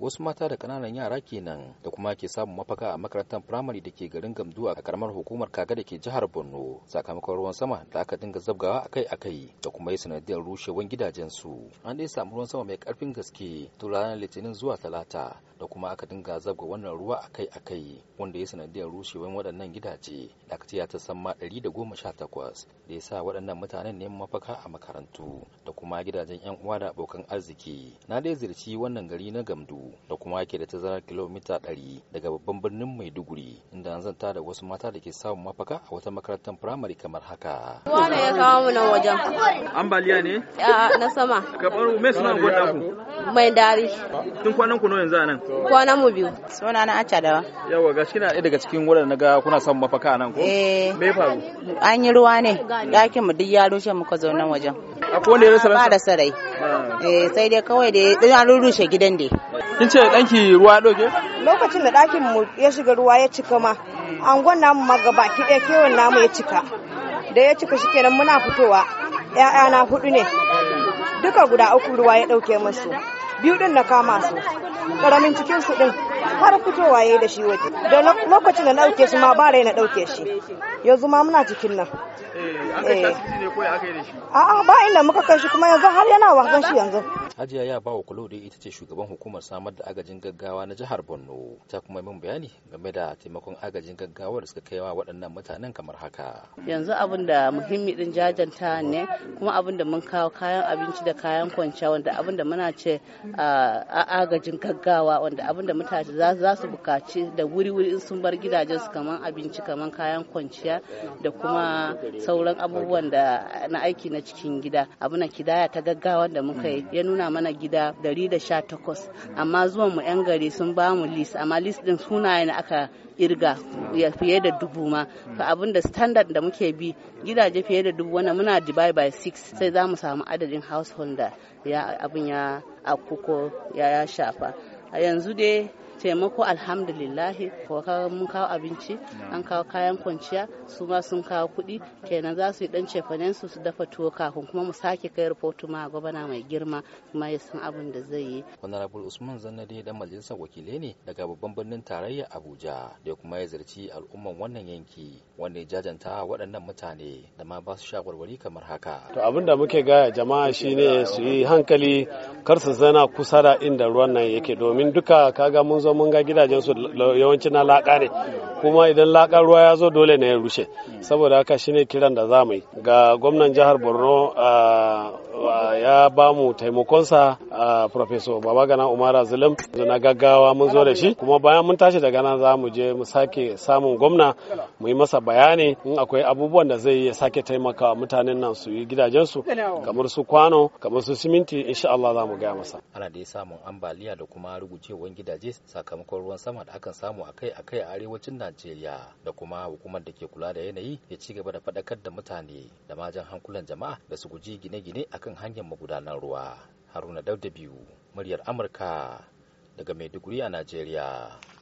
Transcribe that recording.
wasu mata da kananan yara kenan da kuma ke samun mafaka a makarantar firamare da ke garin gamdu a karamar hukumar kaga da ke jihar borno sakamakon ruwan sama da aka dinga zabgawa akai-akai da kuma yi sanadiyar rushewar gidajensu an dai samu ruwan sama mai karfin gaske tun ranar litinin zuwa talata da kuma aka dinga zabga wannan ruwa akai-akai wanda ya sanadiyar rushewar waɗannan gidaje da aka ta musamman 118 da ya sa waɗannan mutanen neman mafaka a makarantu da kuma gidajen 'yan uwa da abokan arziki na dai zirci wannan gari na gamdu da kuma ke da tazarar kilomita 100 daga babban birnin maiduguri inda an zanta da wasu mata da ke samun mafaka a wata makarantar firamare kamar haka. Ruwa ne ya kawo mu nan wajen. Ambaliya ne? na sama. Kamar me suna gwada ku? Mai dari. Tun kwanan ku yanzu anan. Kwanan mu biyu. Suna na Acha dawa. Yawa gashi na ɗaya daga cikin wadanda na ga kuna samun mafaka a nan ko? Eh. me faru an yi ruwa ne ɗakin mu duk ya rushe muka zo wajen akwai wanda ya rasa ba da sarai ah. eh sai dai kawai da ya rushe gidan dai kin ce danki ruwa doke lokacin da ɗakin mu ya shiga ruwa ya cika ma gwanna mu ma ki ɗaya kewan namu ya cika da ya cika shikenan muna fitowa na hudu ne duka guda uku ruwa ya ɗauke musu biyu din na kama su ƙaramin cikin su din har fitowa yayi da shi waje da lokacin da na dauke shi ma ba rai na dauke shi yanzu ma muna cikin nan eh, eh. a'a ba inda muka kai shi kuma yanzu har yana wa shi yanzu Hajiya ya bawa Kulode ita ce shugaban hukumar samar da agajin gaggawa na jihar Borno ta kuma min bayani game da taimakon agajin gaggawa da suka kaiwa waɗannan mutanen kamar haka. Yanzu abin da muhimmi din jajanta ne kuma abin da mun kawo kayan abinci da kayan kwanciya wanda abin da muna ce ah, agajin gaggawa wanda abin da mutane za su bukaci da wuri-wuri in sun bar gidajensu kamar abinci kamar kayan kwanciya da kuma sauran abubuwan da na aiki na cikin gida abuna kidaya ta gaggawa da muka yi ya nuna mana gida 118 amma zuwan mu 'yan gari sun ba mu list amma list din sunayen aka irga fiye da dubu ma ka abin da standard da muke bi gidaje fiye da dubu wannan muna divide by 6 sai za mu samu adadin household da ya abin ya akuko ya shafa a yanzu dai taimako alhamdulillahi ko mun kawo abinci an kawo kayan kwanciya su ma sun kawo kuɗi kenan za su yi dan cefanen su su dafa tuwo kafin kuma mu sake kai rahoto ma gwamna mai girma kuma ya san abin da zai yi honorable usman zannade dan majalisar wakilai ne daga babban birnin tarayya abuja da kuma ya zarci al'umman wannan yanki wanda ya jajanta waɗannan mutane da ma ba su shawarwari kamar haka to abin da muke gaya jama'a shine su yi hankali kar su zana kusa da inda ruwan nan yake domin duka kaga mun zo mun ga gidajensu yawanci na laka ne kuma idan laka ruwa ya zo dole ne ya rushe saboda haka shine kiran da za mu yi ga gwamnan jihar borno ah, ya ba mu taimakonsa a baba gana Umara Zulum na gaggawa mun zo da shi kuma bayan mun tashi daga nan za mu je mu sake samun gwamna mu yi masa bayani in akwai abubuwan da zai ya sake taimaka mutanen nan su yi gidajensu kamar su kwano kamar su siminti insha Allah za mu gaya masa. Ana da samun ambaliya da kuma rugucewan gidaje sakamakon ruwan sama da akan samu akai-akai a arewacin Najeriya da kuma hukumar da ke kula da yanayi ya ci gaba da faɗakar da mutane da majan hankulan jama'a da su guji gine-gine akan hanyar magudanar ruwa haruna daudabiu muryar amurka daga maiduguri a najeriya